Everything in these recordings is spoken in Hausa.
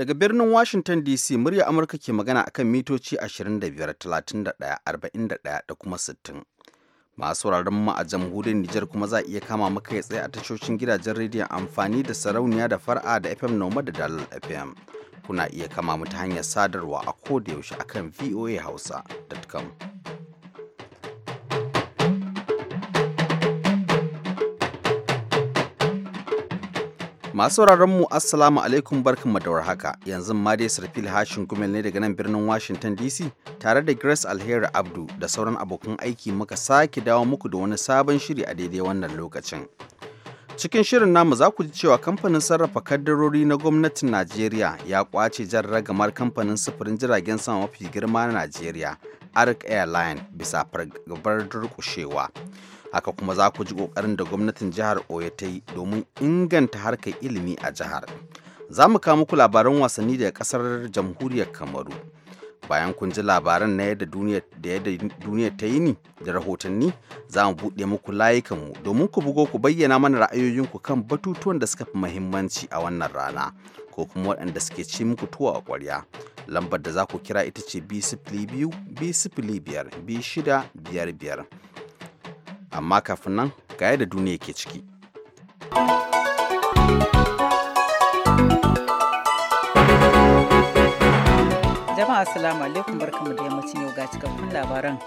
Daga birnin Washington DC murya Amurka ke magana akan mitoci 25, 31, 41 da kuma 60. Masu wuraren mu a jamhuriyar Nijar kuma za a iya kama maka ya tsaye a tashoshin gidajen rediyon amfani da sarauniya da far'a da FM Noma da Dalal FM. Kuna iya kama mu ta hanyar sadarwa a yaushe akan voahausa.com. Masu mu Assalamu alaikum barkanmu da haka yanzu ma dai sarfil hashin gumel ne daga nan birnin Washington DC tare da Grace Alheri Abdu da sauran abokan aiki muka sake dawo muku da wani sabon shiri a daidai wannan lokacin. Cikin shirin namu za ku ji cewa kamfanin sarrafa kaddarori na gwamnatin Najeriya ya kwace jan ragamar kamfanin sufurin jiragen sama mafi girma na Najeriya, arc Airline bisa fargabar durƙushewa. haka kuma za ku ji ƙoƙarin da gwamnatin jihar oyo ta yi domin inganta harkar ilimi a jihar za mu kawo muku labaran wasanni daga ƙasar jamhuriyar kamaru bayan kun ji labaran na yadda duniyar ta yi ni da rahotanni za mu buɗe muku layukanmu domin ku bugo ku bayyana mana ra'ayoyinku kan batutuwan da suka fi muhimmanci a wannan rana ko kuma waɗanda suke ci muku tuwa a ƙwarya lambar da za ku kira ita ce b biyu b biyar bi shida biyar biyar amma kafin nan ga yadda duniya ke ciki. Jama'a salamu alaikum barkamu da yammacin yau ga cikakkun labaran.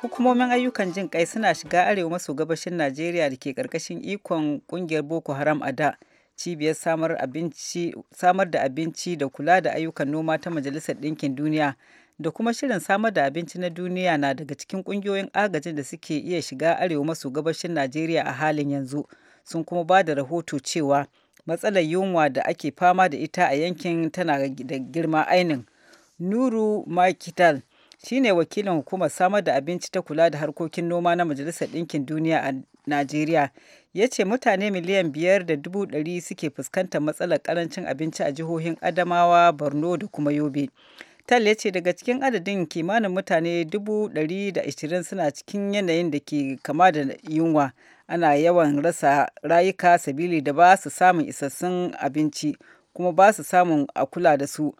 Hukumomin ayyukan jin kai suna shiga arewa maso gabashin Najeriya da ke karkashin ikon kungiyar Boko Haram a da. Cibiyar samar, samar da abinci da kula da ayyukan noma ta Majalisar Ɗinkin Duniya da kuma shirin samar da abinci na duniya na daga cikin kungiyoyin agajin da suke iya shiga arewa maso gabashin Najeriya a halin yanzu sun kuma ba da rahoto cewa matsalar yunwa da ake fama da ita a yankin tana da girma ainin. Nuru Makital shine wakilin hukumar samar da abinci ta kula da harkokin noma na Majalisar Ɗinkin Duniya a Najeriya ya ce mutane miliyan biyar da dubu ɗari suke fuskantar matsalar ƙarancin abinci a jihohin Adamawa, Borno da kuma Yobe. tal ya ce daga cikin adadin kimanin mutane 120 suna cikin yanayin da ke kama da yunwa ana yawan rasa rayuka sabili da ba su samun isassun abinci kuma ba su samun a kula da su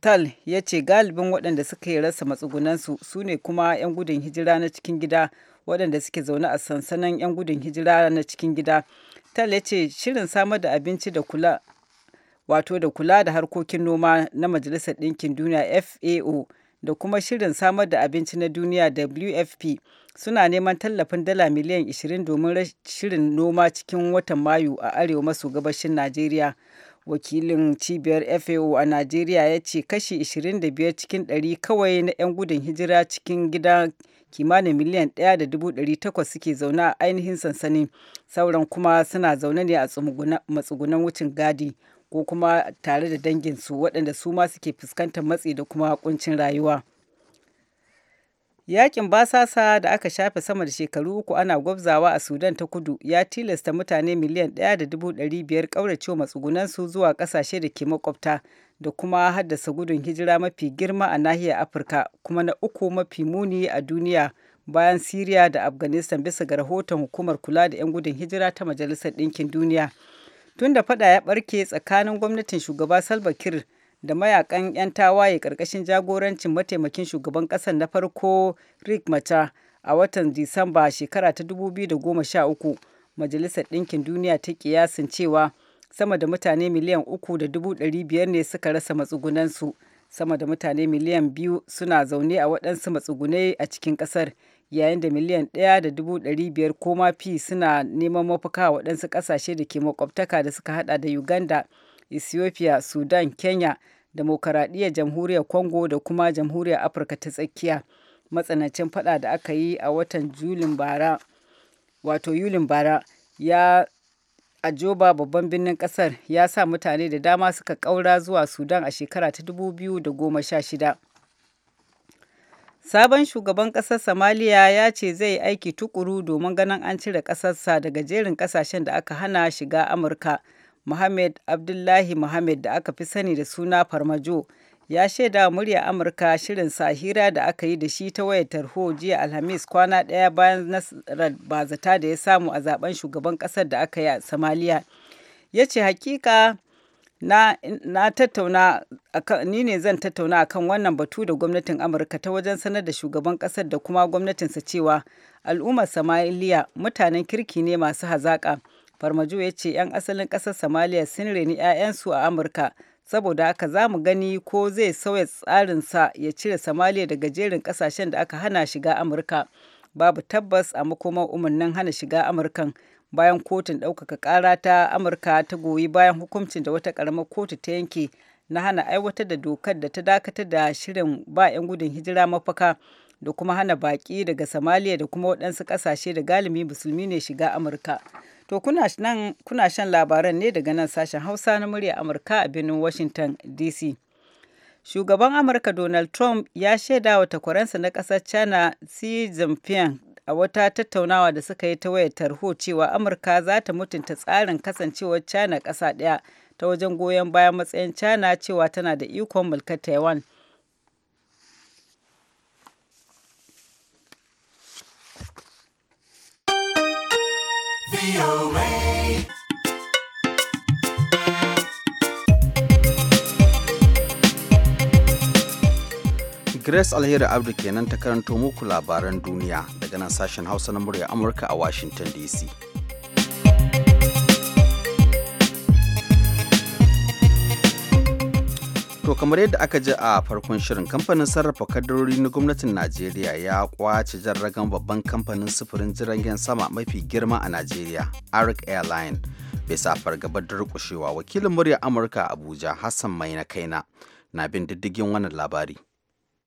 tal ya ce galibin waɗanda suka rasa matsugunansu su ne kuma 'yan gudun hijira na cikin gida waɗanda suke zaune a sansanin 'yan gudun hijira na cikin gida tal ya ce shirin samar da abinci da kula wato da kula da harkokin noma na Majalisar Ɗinkin Duniya FAO da kuma shirin samar da abinci na duniya WFP suna neman tallafin dala miliyan 20 domin shirin noma cikin watan Mayu a arewa maso gabashin Najeriya. Wakilin cibiyar FAO a Najeriya ya ce kashi 25 cikin 100 kawai na 'yan gudun hijira cikin gida kimanin miliyan 1.800 suke zaune a ainihin sansanin sauran kuma suna zaune ne a matsugunan wucin gadi. ko kuma tare da danginsu waɗanda su ma suke fuskantar matsi da kuma kuncin rayuwa yakin basasa da aka shafe sama da shekaru uku ana gwabzawa a sudan ta kudu ya tilasta mutane miliyan ɗaya da dubu ɗari biyar ƙaurace matsugunansu zuwa ƙasashe da ke makwabta da kuma haddasa gudun hijira mafi girma a nahiyar afirka kuma na uku mafi muni a duniya bayan siriya da afghanistan bisa ga rahoton hukumar kula da 'yan gudun hijira ta majalisar ɗinkin duniya tun da fada ya barke tsakanin gwamnatin shugaba salva kiir da mayakan 'yan tawaye karkashin jagorancin mataimakin shugaban kasar na farko rick mata a watan disamba shekara ta 2013 majalisar ɗinkin duniya ta kiyasin cewa sama da mutane miliyan uku da dubu ɗari biyar ne suka rasa matsugunansu sama da mutane miliyan biyu suna zaune a waɗansu matsugunai a cikin ƙasar yayin da miliyan ɗaya da ko suna neman mafaka a waɗansu ƙasashe da ke makwabtaka da suka hada da uganda ethiopia sudan kenya demokaradiyyar jamhuriyar congo da kuma jamhuriyar afirka ta tsakiya matsanancin fada da aka yi a watan julin bara wato yulin bara ya ajoba babban birnin kasar ya sa mutane da dama suka kaura zuwa sudan a shekara ta 2016 Sabon shugaban ƙasar Somalia ya ce zai yi aiki tukuru domin ganin an cire ƙasarsa daga jerin ƙasashen da aka hana shiga Amurka. Mohammed Abdullahi Mohammed da aka fi sani da suna Farmajo ya shaida murya Amurka shirin sahira da aka yi da shi ta wayar tarho jiya Alhamis kwana ɗaya bayan nasarar bazata da ya samu a zaben shugaban ƙasar da aka yi a Somalia. Ya ce hakika na, tattauna ni ne zan tattauna akan wannan batu da gwamnatin amurka ta wajen sanar da shugaban kasar da kuma gwamnatinsa cewa al'ummar samaliya mutanen kirki ne masu hazaƙa farmajo ya ce 'yan asalin ƙasar samaliya sun reni 'ya'yansu a amurka saboda haka za mu gani ko zai sauya tsarinsa ya cire samaliya daga jerin ƙasashen da aka hana shiga amurka babu tabbas a makomar umarnin hana shiga amurkan bayan kotun ɗaukaka ƙara ta amurka ta goyi bayan hukuncin da wata ƙaramar kotu ta yanke na hana aiwatar da dokar da ta dakatar da shirin ba 'yan gudun hijira mafaka da kuma hana baƙi daga samaliya da kuma waɗansu ƙasashe da galibi musulmi ne shiga amurka to kuna, kuna shan labaran ne daga nan sashen hausa na murya amurka a birnin washington dc shugaban amurka donald trump ya shaida wa takwaransa na ƙasar china xi jinping a wata tattaunawa da suka yi ta wayar tarho cewa amurka za ta mutunta tsarin kasancewar china ƙasa ɗaya ta wajen goyon bayan matsayin china cewa tana da ikon mulkar taiwan Grace Alheri Abdu kenan ta karanto muku labaran duniya daga nan sashen Hausa na murya Amurka a Washington DC. To kamar yadda aka ji a farkon shirin kamfanin sarrafa kadarori na gwamnatin Najeriya ya kwace jarragan babban kamfanin sufurin jiragen sama mafi girma a Najeriya, Arik Airline. Bisa fargabar durƙushewa wakilin murya Amurka Abuja Hassan Mai na kaina na bin diddigin wannan labari.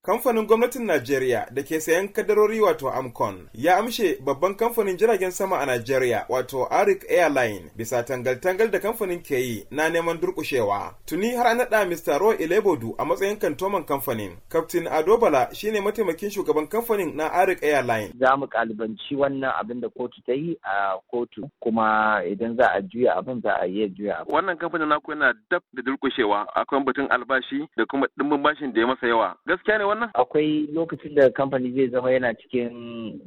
Kamfanin gwamnatin Najeriya da ke sayan kadarori wato Amcon ya amshe babban kamfanin jiragen sama a Najeriya wato Arik Airline bisa tangal-tangal da kamfanin ke yi na neman durkushewa. Tuni har an naɗa Mr. Roy Elebodu a matsayin kantoman kamfanin. Captain Adobala shine mataimakin shugaban kamfanin na Arik Airline. Za mu kalibanci wannan abin da kotu ta yi a kotu kuma idan za a juya abin za a iya juya abin. Wannan kamfanin naku yana dab da durkushewa akwai batun albashi da kuma dimbin bashin da ya masa yawa. Gaskiya ne wannan? Akwai lokacin da kamfani zai zama yana cikin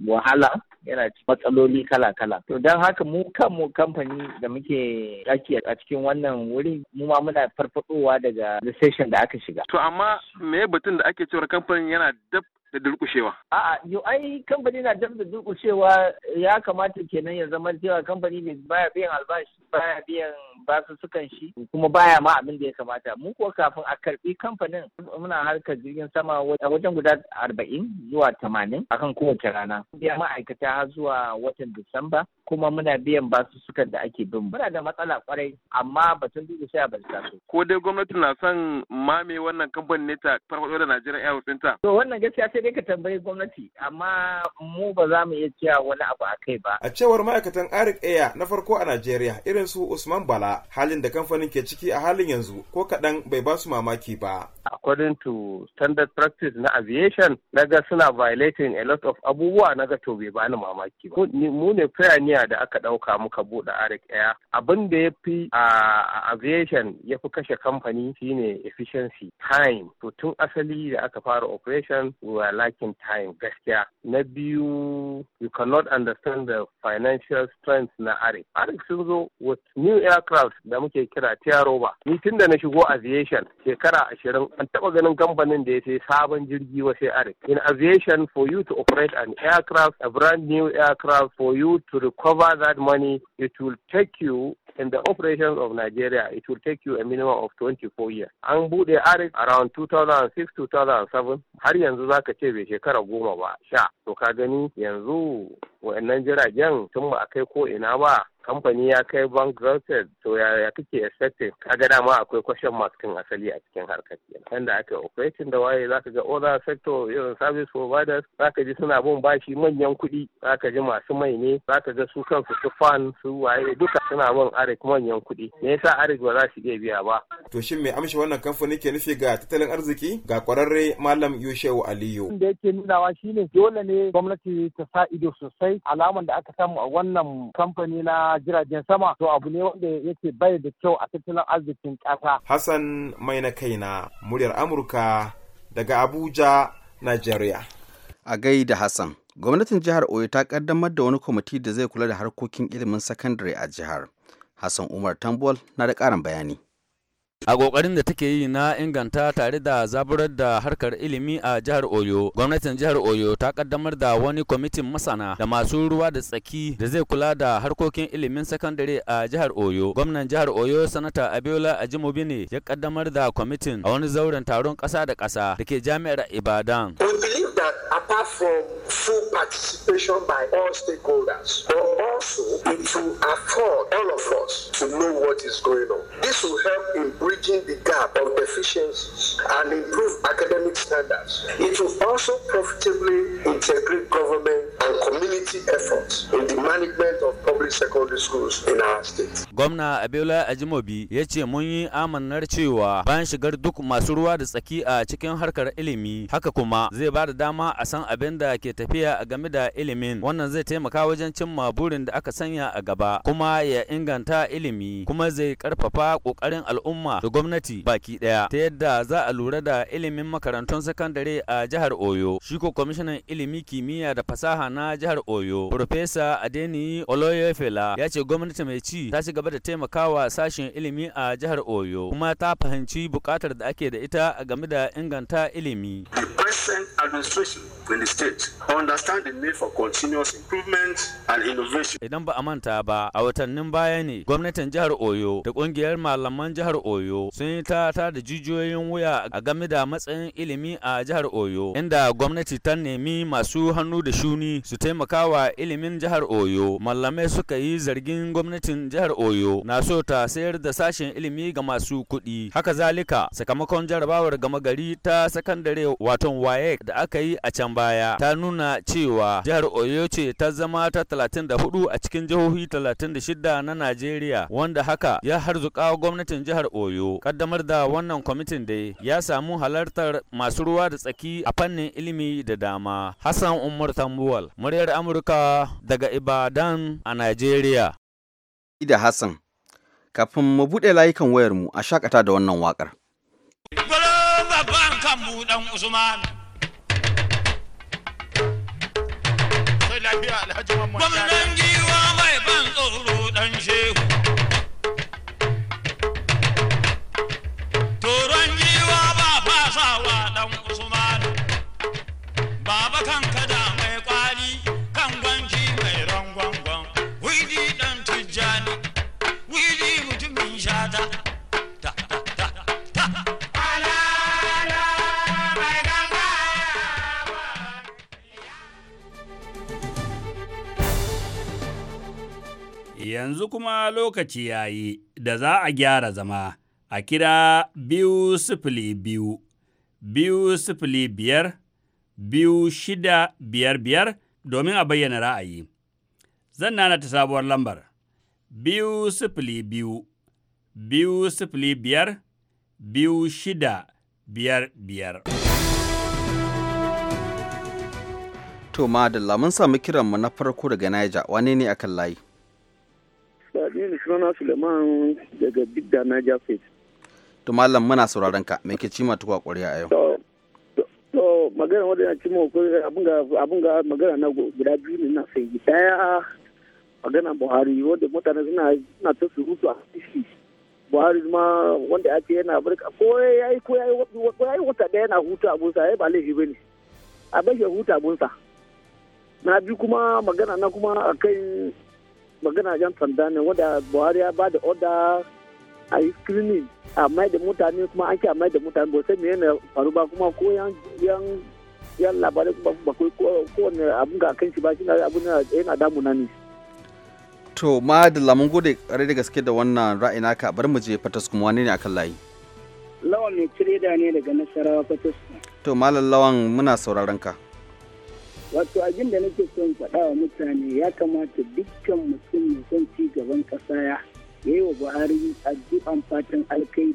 wahala yana cikin matsaloli kala-kala. To don haka mu kanmu kamfani da muke aiki a cikin wannan wuri mu ma muna farfadowa daga recession da aka shiga. To amma me batun da ake cewa kamfanin yana dab da durkushewa? A'a, yo ai kamfani na dab da durkushewa ya kamata kenan ya zama cewa kamfani ne baya biyan albashi, baya biyan basussukan shi, kuma baya ma abin da ya kamata. Mu kuwa kafin a karbi kamfanin muna harkar jirgin sama a wajen guda arba'in zuwa tamanin akan kowace rana. Biya ma'aikata har zuwa watan Disamba kuma muna biyan basu sukan da ake bin muna da matsala kwarai amma batun dubu sai a bar taso ko dai gwamnati na son mame wannan kamfanin ne ta farfado da Najeriya Airways ɗinta to wannan gaskiya sai dai ka tambayi gwamnati amma mu ba za mu iya cewa wani abu a kai ba a cewar ma'aikatan Arik Air na farko a Najeriya irin su Usman Bala halin da kamfanin ke ciki a halin yanzu ko kaɗan bai ba su mamaki ba according to standard practice na aviation naga suna violating a lot of abubuwa naga to bai bani mamaki ba mu ne prayer ne hanya da aka ɗauka muka buɗe arik ɗaya abin da ya fi a aviation ya fi kashe kamfani shine efficiency time to tun asali da aka fara operation we are lacking time gaskiya na biyu you cannot understand the financial strength na arik arik sun zo with new aircraft da muke kira tiyaroba ni tun da na shigo aviation shekara ashirin an taɓa ganin kamfanin da ya sai sabon jirgi wa sai arik in aviation for you to operate an aircraft a brand new aircraft for you to record cover that money, it will take you in the operations of Nigeria, it will take you a minimum of 24 years. An buɗe arik around 2006-2007 har yanzu za ka ce bai shekara goma ba sha. To ka gani yanzu wa'annan jiragen tun ba a kai ko ina ba kamfani ya kai grosset to ya kake expecting kaga dama akwai question mark tun asali a cikin harkar kenan da aka operating da waye zaka ga other sector yin service providers zaka ji suna bin bashi manyan kuɗi zaka ji masu mai ne zaka ga su kansu su fan su waye duka suna bin arik manyan kuɗi me yasa arik ba za su iya biya ba to shin me amshi wannan kamfani ke nufi ga tattalin arziki ga kwararre malam Yushewu Aliyu da yake wa shine dole ne gwamnati ta sa ido sosai alaman da aka samu a wannan kamfani na jiragen sama to abu ne wanda yake bai da kyau a tattalin arzikin ƙasa. Hassan mai na kaina muryar Amurka daga Abuja, Najeriya. A gaida Hassan, gwamnatin jihar Oyo ta kaddamar da wani kwamiti da zai kula da harkokin ilimin sakandare a jihar. Hassan Umar Tambol na da ƙarin bayani. a kokarin da take yi na inganta tare da zaburar da harkar ilimi a jihar oyo gwamnatin jihar oyo ta kaddamar da wani kwamitin masana da masu ruwa da tsaki da zai kula da harkokin ilimin sakandare a jihar oyo gwamnan jihar oyo sanata abiola ajimobi ne ya kaddamar da kwamitin a wani zauren taron ƙasa da ƙasa da ke jami'ar ibadan that apart from full participation by all stakeholders, but also it will afford all of us to know what is going on. This will help in bridging the gap of deficiencies and improve academic standards. It will also profitably integrate government and community efforts in the management of public secondary schools in our state. Gwamna Abiola Ajimobi ya ce mun yi duk masu ruwa da a cikin harkar ilimi haka kuma zai dama a san abin da ke tafiya a game da ilimin wannan zai taimaka wajen cimma burin da aka sanya a gaba kuma ya inganta ilimi kuma zai karfafa kokarin al'umma da gwamnati baki daya ta yadda za a lura da ilimin makarantun sakandare a jihar Oyo shi ko kwamishinan ilimi kimiyya da fasaha na jihar Oyo Profesa Adeni Oloyefela ya ce gwamnati mai ci ta ci gaba da taimakawa sashen ilimi a jihar Oyo kuma ta fahimci bukatar da ake da ita a game da inganta ilimi. The innovation in the state. Understand the need for continuous improvement and innovation. Idan ba a manta ba, a watannin baya ne gwamnatin jihar Oyo da kungiyar malaman jihar Oyo sun yi ta da jijiyoyin wuya a game da matsayin ilimi a jihar Oyo, inda gwamnati ta nemi masu hannu da shuni su taimaka wa ilimin jihar Oyo. Malamai suka yi zargin gwamnatin jihar Oyo na so ta sayar da sashen ilimi ga masu kuɗi. Haka zalika, sakamakon jarabawar gama gari ta sakandare waton WAEC da aka yi yi a can baya ta nuna cewa jihar Oyo ce ta zama ta 34 a cikin jihohi 36 na Najeriya wanda haka ya harzuka gwamnatin jihar Oyo. Kaddamar da wannan kwamitin da ya samu halartar masu ruwa da tsaki a fannin ilimi da dama. Hassan Umar Tambuwal, muryar Amurka daga Ibadan a Najeriya. da Hassan, kafin mu buɗe layukan wayarmu a shakata da wannan waƙar. Gwalo babban kan buɗan Usman. يا الهجوم yanzu kuma lokaci ya yi da za a gyara zama a kira biyu sifili biyu, biyu sifili biyar, biyu shida biyar biyar domin a bayyana ra'ayi. Zan nana ta sabuwar lambar, biyu sifili biyu, biyu sifili biyar, biyu shida biyar biyar. To, ma da lamun samu kiranmu na farko daga Niger, wane ne akan layi? Aminu sunana Suleiman daga Bidda Niger State. To Malam muna sauraron ka me ke cima tukwa ƙwarya a yau? To magana wadda na a abin ga magana na guda biyu ne na sai daya magana Buhari wadda mutane suna suna ta surutu a ciki. Buhari ma wanda ya ce yana barka ko ya yi ko ya yi wata daya yana hutu abunsa ya ba laifi ba ne. A bashi ya hutu abunsa. Na bi kuma magana na kuma akan magana yan sanda ne wanda buhari ya ba da oda a yi screening a mai da mutane kuma an a mai da mutane ba sai mene faru ba kuma ko yan yan yan labarai kuma ba ko kowane abin ga kan shi ba shi na abin yana damuna ne to ma da lamun gode kare da gaske da wannan ra'ayi naka bari mu je fatas kuma wani ne akan layi lawan mai tireda ne daga nasarawa fatas to malam lawan muna sauraron ka wato abin da nake son faɗa wa mutane ya kamata dukkan mutum mai son ci gaban ƙasa ya yi wa buhari addu'an fatan alkairi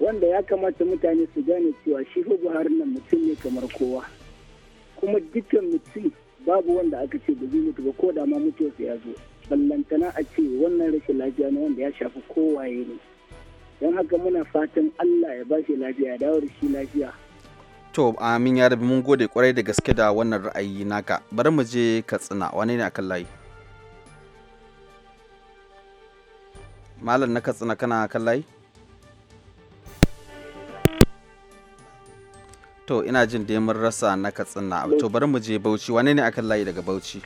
wanda ya kamata mutane su gane cewa shi fa buhari nan mutum ne kamar kowa kuma dukkan mutum babu wanda aka ce da zai mutu ko da ma mutuwarsa ya zo ballantana a ce wannan rashin lafiya na wanda ya shafi kowaye ne don haka muna fatan allah ya ba shi lafiya ya dawo da shi lafiya To amin ya rabi mun gode kwarai da gaske da wannan ra'ayi naka. Bari mu je Katsina wane ne akan layi? Malam na Katsina kana akan layi? To ina jin da mun rasa na Katsina. To bari mu je Bauchi wane ne akan layi daga Bauchi?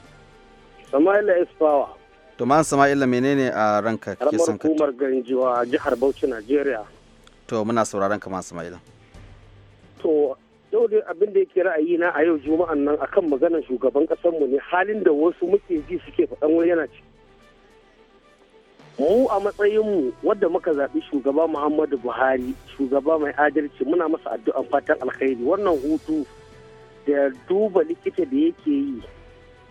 Sama'ila Isfawa. To ma'an Sama'ila menene a ranka ke son ka? Ramar Ganjiwa jihar Bauchi Najeriya. To muna sauraron ka ma Sama'ila. To yau abin da yake ra'ayi na a yau juma'an nan akan maganar shugaban mu ne halin da wasu muke ji suke faɗan wani yana ci mu a matsayinmu wadda muka zaɓi shugaba muhammadu buhari shugaba mai adalci muna masa addu'an fatan alkhairi wannan hutu da duba likita da yake yi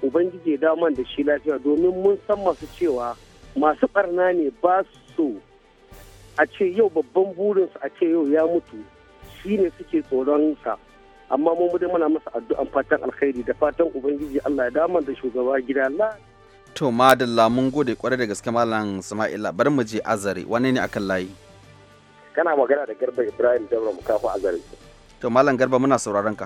ubangiji daman da shi lafiya domin mun san masu cewa masu barna ne ba su a ce yau babban burinsu a ce yau ya mutu shi ne suke tsoron sa amma mun mu dai muna masa addu'an fatan alkhairi da fatan ubangiji Allah ya dama da shugaba gida Allah to madalla mun gode kwarai da gaske malam Sama'ila bar mu je Azare wane ne akan layi kana magana da Garba Ibrahim Dabra Mukafu Azare to malam Garba muna sauraron ka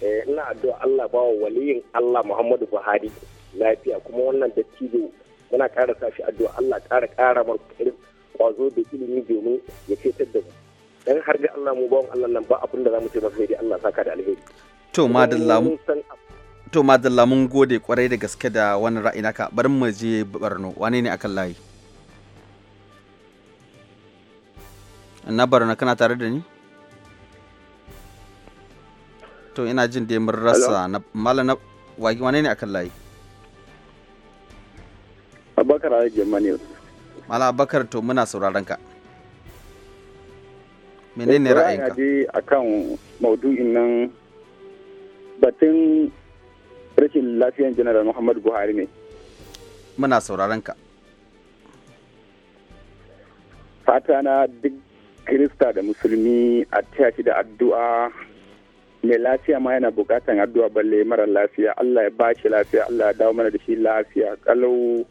eh ina addu'a Allah bawa waliyin Allah Muhammadu Buhari lafiya kuma wannan dattijo muna ƙara sa shi addu'a Allah kara karamar mar kwazo da ilimi domin ya fitar da mu dan har ga Allah mu bawon Allah nan ba abin da zamu ce masa sai Allah saka da alheri to madalla to madalla mun gode kwarai da gaske da wannan ra'ayi naka bari mu je barno wane ne akan layi na Barno kana tare da ni to ina jin dai mun rasa na wagi wane ne akan layi Abakar Abubakar Alhaji Mala Abakar to muna sauraron ka menene ra'ayinka ra'ayi akan maudu'in nan batun rashin lafiyar janar muhammadu buhari ne muna sauraron ka fata na duk kirista da musulmi a tashi da addu'a mai lafiya ma yana bukatan addu'a balle mara lafiya allah ya ba shi lafiya allah ya dawo mana da shi lafiya kalau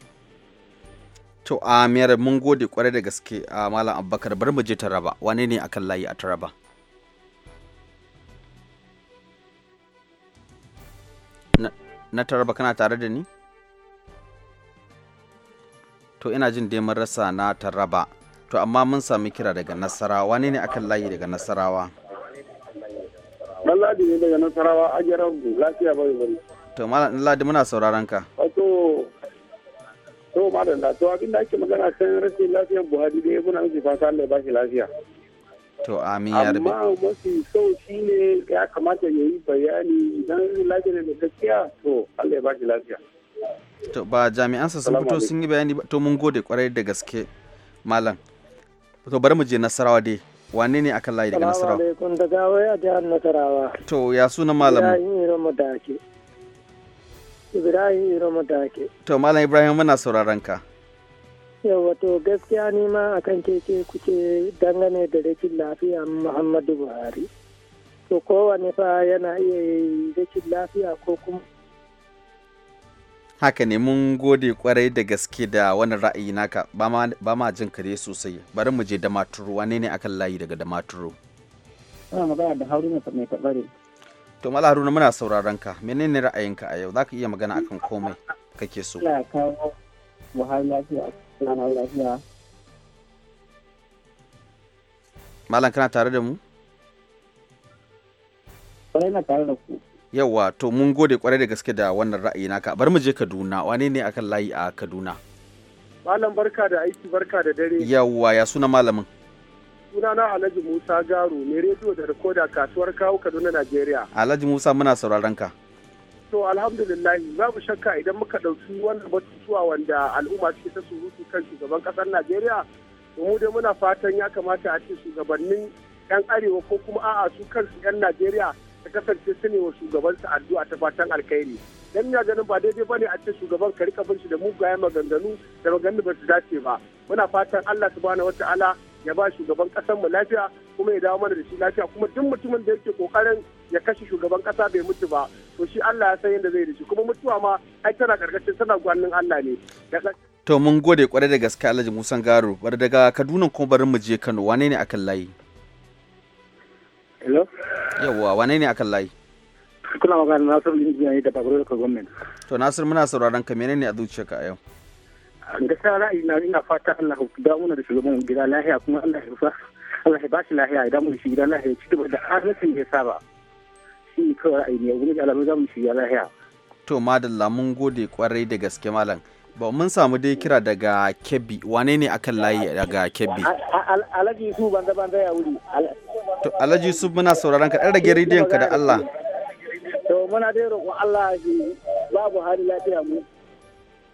To Amir mun gode kwarai da gaske a Malam Abubakar bar mu je Taraba wane ne akan layi a Taraba? Na Taraba kana tare da ni? To ina jin dai mun rasa na Taraba. To amma mun sami kira daga Nasarawa wane ne akan layi daga Nasarawa? Lalladi ne daga Nasarawa a lafiya bai bari. To Malam Lalladi muna sauraron ka. Wato to da to abin da ake magana kan rashin lafiyar buhari dai muna nufi fata Allah ya bashi lafiya to amin ya rabe amma mafi sau ne ya kamata ya yi bayani idan lafiyar da gaskiya to Allah ya bashi lafiya to ba jami'ansa sun fito sun yi bayani ba to mun gode kwarai da gaske malam to bari mu je nasarawa dai wane ne aka layi daga nasarawa alaikum daga waya jihar nasarawa to ya suna malam ya yi ramadan Ibrahim Iroma To Malam Ibrahim muna sauraron ka. Yau wato gaskiya ni ma kan keke kuke dangane da rikin lafiya Muhammadu Buhari. To kowane fa yana iya rikin lafiya ko kuma haka ne mun gode kwarai da gaske da wani ra'ayi naka ba ma jin kare sosai bari mu je da maturu wane ne akan layi daga da maturu ana magana da haruna mai kabare to mala haruna muna sauraron ka menene ra'ayinka a yau zaka iya magana akan komai kake so ina kawo buhari lafiya ina lafiya malam kana tare da mu kwarai na tare da ku yawa to mun gode kwarai da gaske da wannan ra'ayi naka bar mu je kaduna wane ne akan layi a kaduna malam barka da aiki barka da dare yawa ya suna malamin sunana Alhaji Musa Garo ne rediyo da rikoda kasuwar kawo Kaduna Najeriya. Alhaji Musa muna sauraron ka. To alhamdulillah babu shakka idan muka ɗauki wannan batutuwa wanda al'umma suke ta surutu kan shugaban ƙasar Najeriya mu dai muna fatan ya kamata a ce shugabannin 'yan arewa ko kuma a'a su kansu 'yan Najeriya da kasance su ne wa shugabansu addu'a ta fatan alkhairi dan ina ganin ba daidai bane a ce shugaban ka rika bin shi da mugayen maganganu da maganganu ba su dace ba muna fatan Allah subhanahu wataala ya ba shugaban kasar mu lafiya kuma ya dawo mana da shi lafiya kuma duk mutumin da yake kokarin ya kashe shugaban kasa bai mutu ba to shi Allah ya san yadda zai da shi kuma mutuwa ma ai tana karkashin tana gwanin Allah ne to mun gode kwarai da gaske Alhaji Musa Garo bar daga Kaduna kuma barin mu je Kano wane ne akan layi hello yawa wane ne akan layi kuna magana Nasiru Injiniya da Babur Gwamnati to Nasiru muna sauraron ka menene a zuciyarka a yau gaskiya ra'ayi na ina fata Allah ku dawo mana da shugaban gida lahiya kuma Allah ya sa Allah ya bashi lahiya idan mun shi gida lahiya ci gaba da arzikin ya saba shi ne kawai ra'ayi ne wani alamun mu shi ya lahiya to madalla mun gode kwarai da gaske malam ba mun samu dai kira daga kebbi wane ne akan layi daga kebbi alhaji su banza banza ya wuri to alhaji su muna sauraron ka dan rage rediyon ka da Allah to muna dai roƙon Allah babu hali lafiya mu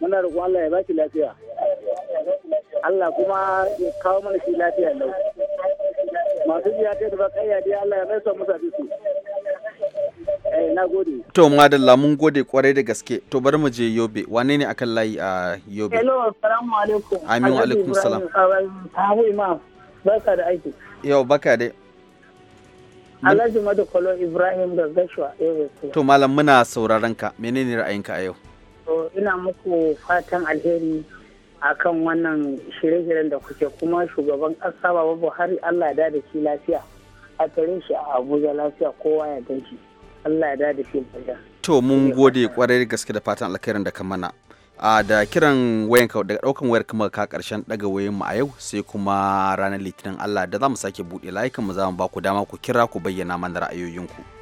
muna roƙon Allah ya baki lafiya Allah kuma ya kawo mana shi lafiya lau masu jiya ta da ya dai Allah ya rasa musa su eh na gode to madalla mun gode kwarai da gaske to bari mu je Yobe wane ne akan layi a Yobe hello assalamu alaikum amin wa alaikum salam abu imam barka da aiki yau barka dai Alhaji Madukolo Ibrahim Gaggashwa Yobe to malam muna sauraron ka menene ra'ayinka a yau to ina muku fatan alheri akan wannan shirye-shiryen da kuke kuma shugaban ƙasa baba buhari allah da da shi lafiya a tare shi a abuja lafiya kowa ya gan shi allah ya da shi abuja to mun gode kwarai gaske da fatan alkhairin da ka mana a da kiran wayan ka daga daukan wayar kuma ka karshen daga wayan mu a yau sai kuma ranar litinin allah da za mu sake buɗe layukan mu za mu ba ku dama ku kira ku bayyana mana ra'ayoyinku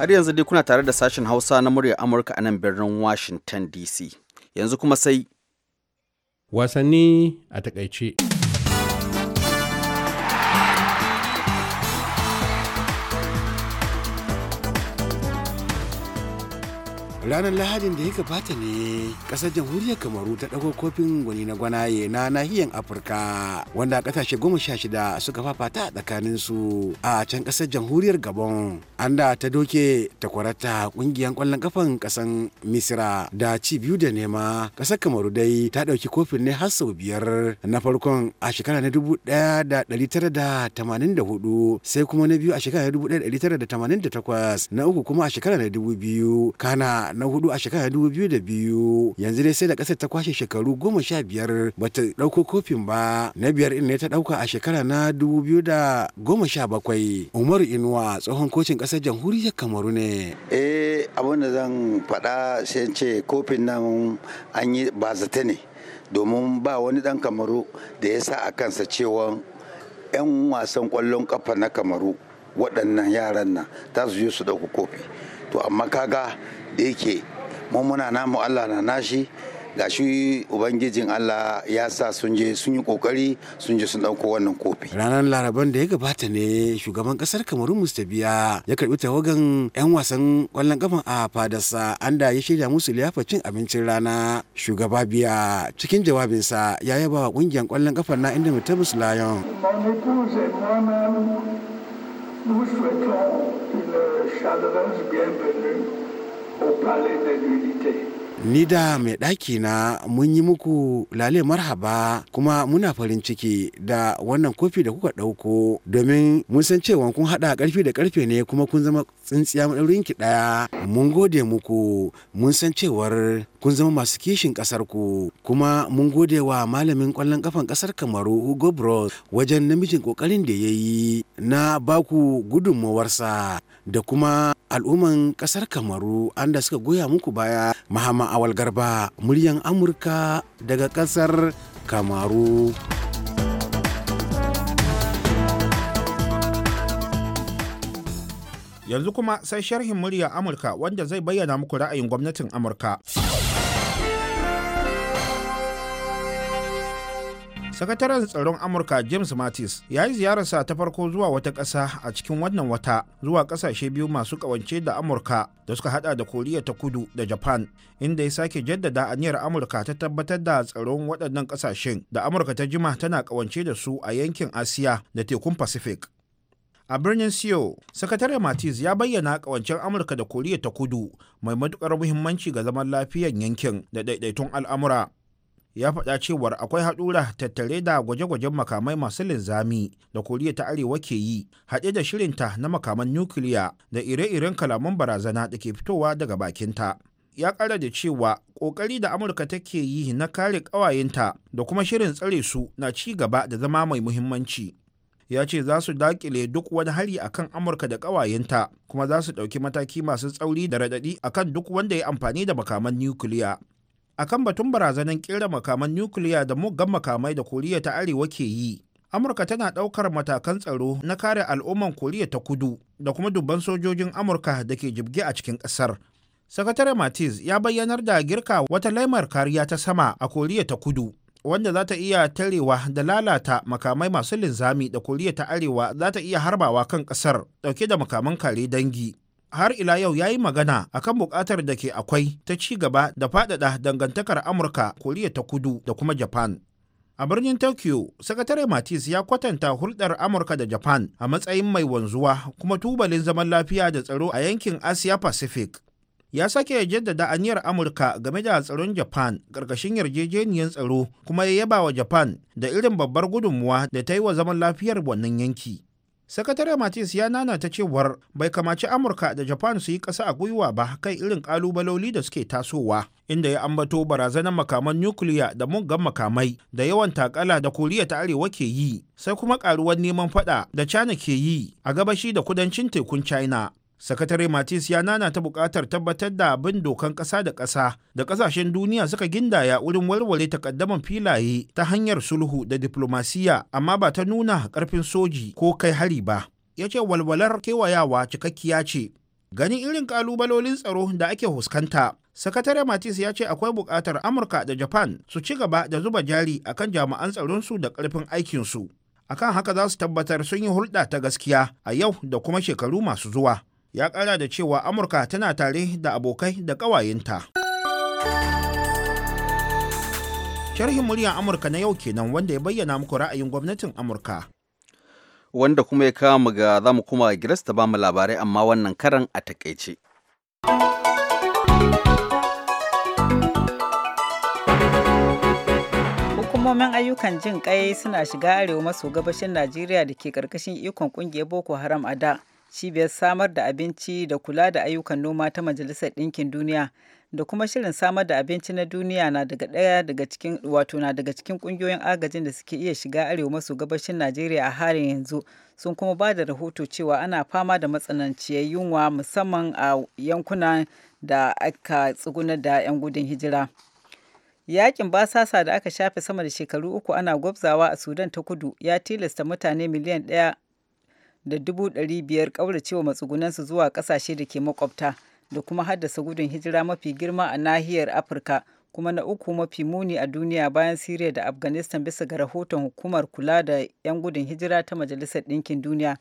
har yanzu dai kuna tare da sashen hausa na muryar amurka a nan birnin washington dc yanzu kuma sai wasanni a takaice ranar lahadin da ya gabata ne kasar jamhuriyar kamaru ta dago kofin gwani na gwanaye na nahiyar afirka wanda ƙasashe goma sha shida suka fafata tsakanin tsakaninsu a can kasar jamhuriyar gabon an da ta doke ta kwarata ƙungiyar kwallon kafan ƙasan misira da ci biyu da nema ƙasar kamaru dai ta ɗauki kofin ne har sau biyar na farkon a shekara na dubu ɗaya da dari tara da tamanin da hudu sai kuma na biyu a shekara na dubu ɗaya da dari tara da tamanin da takwas na uku kuma a shekara na dubu biyu kana na hudu a shekara dubu biyu da biyu yanzu dai sai da kasar ta kwashe shekaru goma sha biyar bata dauko kofin ba na biyar ne ta dauka a shekara na dubu biyu da goma sha bakwai umaru inuwa tsohon kocin kasar jamhuriyar kamaru ne eh abin da zan faɗa sai ce kofin nan an yi ba zata ne domin ba wani dan kamaru da ya sa a kansa cewa 'yan wasan kwallon kafa na kamaru waɗannan yaran nan ta su je su ɗauko kofi to amma kaga da yake mu muna namu Allah na nashi ga shi ubangijin Allah ya sa sun je sun yi kokari sun je sun dauko wannan kofi ranar laraban da ya gabata ne shugaban kasar kamaru mustabiya ya karbi tawagan yan wasan kwallon kafa a fadarsa anda ya shirya musu liyafa cin abincin rana shugaba biya cikin jawabinsa ya yaba wa kungiyar kwallon kafa na inda mutabus layon Nous souhaitons une chaleureuse bienvenue Ni da mai ɗaki na mun yi muku lale marhaba kuma muna farin ciki da wannan kofi da kuka ɗauko domin mun san cewa kun haɗa ƙarfi da ƙarfe ne kuma kun zama tsintsiya maɗaurin ɗaya. Mun gode muku mun san cewar kun zama masu kishin kasar ku kuma mun gode wa malamin kwallon kafan kasar kamaru hugo bros wajen namijin kokarin da ya yi na baku gudunmawarsa da kuma al'umman kasar kamaru an da suka goya muku baya mahama awal garba muryan amurka daga kasar kamaru yanzu kuma sai sharhin murya amurka wanda zai bayyana muku ra'ayin gwamnatin amurka sakataren tsaron amurka james mattis ya yi ziyararsa ta farko zuwa wata ƙasa a cikin wannan wata zuwa ƙasashe biyu masu ƙawance da amurka da suka hada da koriya ta kudu da japan inda ya sake jaddada aniyar amurka ta tabbatar da tsaron waɗannan ƙasashen da amurka ta jima tana ƙawance da su a yankin asiya da tekun pacific a birnin siyo sakataren Mattis ya bayyana ƙawancen amurka da koriya ta kudu mai matukar muhimmanci ga zaman lafiyar yankin da ɗaiɗaitun al'amura ya faɗa cewar akwai haɗura tattare da gwaje-gwajen makamai masu linzami da koriya ta arewa ke yi haɗe da shirinta na makaman nukiliya da ire-iren kalaman barazana da ke fitowa daga bakinta ya ƙara da cewa ƙoƙari da amurka take yi na kare ƙawayenta da kuma shirin tsare su na ci gaba da zama mai muhimmanci ya ce za su daƙile duk wani hari akan amurka da ƙawayenta kuma za su ɗauki mataki masu tsauri da raɗaɗi akan duk wanda ya amfani da makaman nukiliya akan batun barazanar kera makaman nukiliya da muggan makamai da koriya ta arewa ke yi amurka tana ɗaukar matakan tsaro na kare al'umman koriya ta kudu da kuma dubban sojojin amurka da ke jibge a cikin ƙasar sakatare matiz ya bayyanar da girka wata laimar kariya ta sama a koriya ta kudu wanda za ta iya tarewa da lalata makamai masu linzami da koriya ta arewa za ta iya harbawa kan ƙasar ɗauke da makaman kare dangi har ila yau ya yi magana a kan bukatar da ke akwai ta ci gaba da faɗaɗa dangantakar amurka koriya ta kudu da kuma japan a birnin tokyo sakatare matis ya kwatanta hulɗar amurka da japan a matsayin mai wanzuwa kuma tubalin zaman lafiya da tsaro a yankin asia pacific ya sake jaddada aniyar amurka game da tsaron japan ƙarƙashin yarjejeniyar tsaro kuma ya yaba wa japan da irin babbar gudunmuwa da ta yi wa zaman lafiyar wannan yanki sakatare matis ya nanata cewar bai kamaci amurka da japan su yi kasa a gwiwa ba kai irin kalubaloli da suke tasowa inda ya ambato barazanar makaman nukiliya da muggan makamai da yawan takala da koriya ta arewa ke yi sai kuma karuwar neman fada da china ke yi a gabashi da kudancin tekun china sakatare matis ya nana ta bukatar tabbatar da abin dokan ƙasa da ƙasa da ƙasashen duniya suka gindaya wurin warware takaddaman filaye ta hanyar sulhu da diplomasiya amma ba ta nuna ƙarfin soji ko kai hari ba ya ce walwalar kewayawa cikakkiya ce Gani irin ƙalubalolin tsaro da ake fuskanta, sakatare matis ya ce akwai buƙatar amurka da japan su ci gaba da zuba jari akan jami'an su da ƙarfin aikinsu akan haka za su tabbatar sun yi hulɗa ta gaskiya a yau da kuma shekaru masu zuwa ya kara da cewa amurka tana tare da abokai da ƙawayenta sharhin muryar amurka na yau kenan wanda ya bayyana muku ra'ayin gwamnatin amurka wanda kuma ya kawo mu ga za mu kuma giras ta bamu labarai amma wannan karan a takaice hukumomin ayyukan jin kai suna shiga arewa maso gabashin najeriya da ke karkashin ikon kungiyar boko haram a da cibiyar samar da abinci da kula da ayyukan noma ta majalisar ɗinkin duniya da kuma shirin samar da abinci na duniya na daga ɗaya daga cikin wato na daga cikin ƙungiyoyin agajin da suke iya shiga arewa maso gabashin najeriya a harin yanzu sun kuma ba da rahoto cewa ana fama da matsananciyar yunwa musamman a yankunan da aka tsuguna da 'yan gudun hijira Yakin basasa da aka shafe sama da shekaru uku ana gwabzawa a Sudan ta kudu ya tilasta mutane miliyan ɗaya da dubu ɗari biyar ƙauracewa matsugunansu zuwa ƙasashe da ke makwabta da kuma haddasa gudun hijira mafi girma a nahiyar afirka kuma na uku mafi muni a duniya bayan Siriya da Afghanistan bisa ga rahoton hukumar kula da 'yan gudun hijira ta Majalisar Ɗinkin Duniya.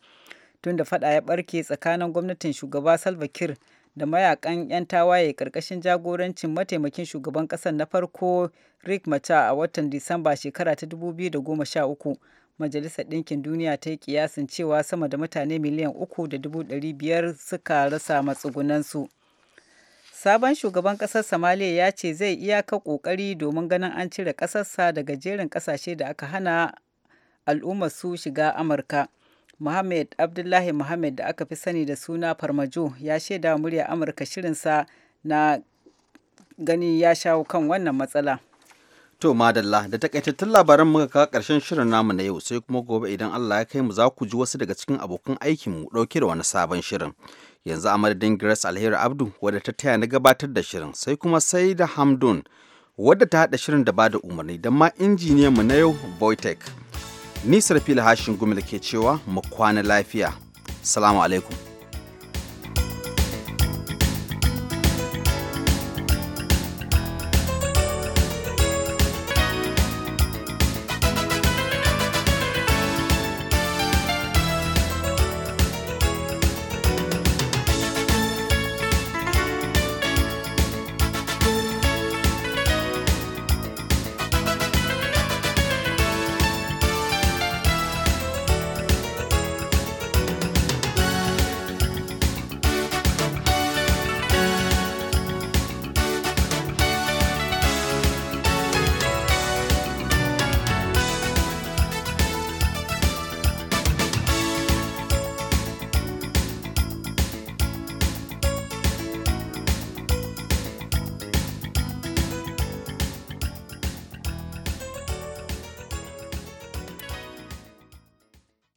Tun da fada ya ɓarke tsakanin gwamnatin shugaba Salva Kiir da mayakan 'yan tawaye karkashin jagorancin mataimakin shugaban ƙasar na farko Rick Mata a watan Disamba shekara ta 2013 Majalisar Ɗinkin Duniya ta yi kiyasin cewa sama da mutane miliyan uku da dubu ɗari biyar suka rasa matsugunansu. Sabon shugaban ƙasar Somalia ya ce zai iya iyaka ƙoƙari domin ganin an cire ƙasarsa daga jerin ƙasashe da aka hana al'ummar su shiga Amurka. Muhammad Abdullahi Muhammad da aka fi sani da suna Farmajo ya shaida murya Amurka shirinsa na gani ya shawo kan wannan matsala. To madalla da takaitattun labaran muka kawo ƙarshen shirin namu na yau sai kuma gobe idan Allah ya kai mu za ku ji wasu daga cikin abokan aikin mu ɗauke da wani sabon shirin. Yanzu a madadin Grace Alheri Abdu wadda ta taya na gabatar da shirin sai kuma sai da Hamdun wadda ta haɗa shirin da bada umarni da ma injiniyan mu na yau Boytech. Ni Sarfila Hashin Gumil ke cewa mu kwana lafiya. Salamu alaikum.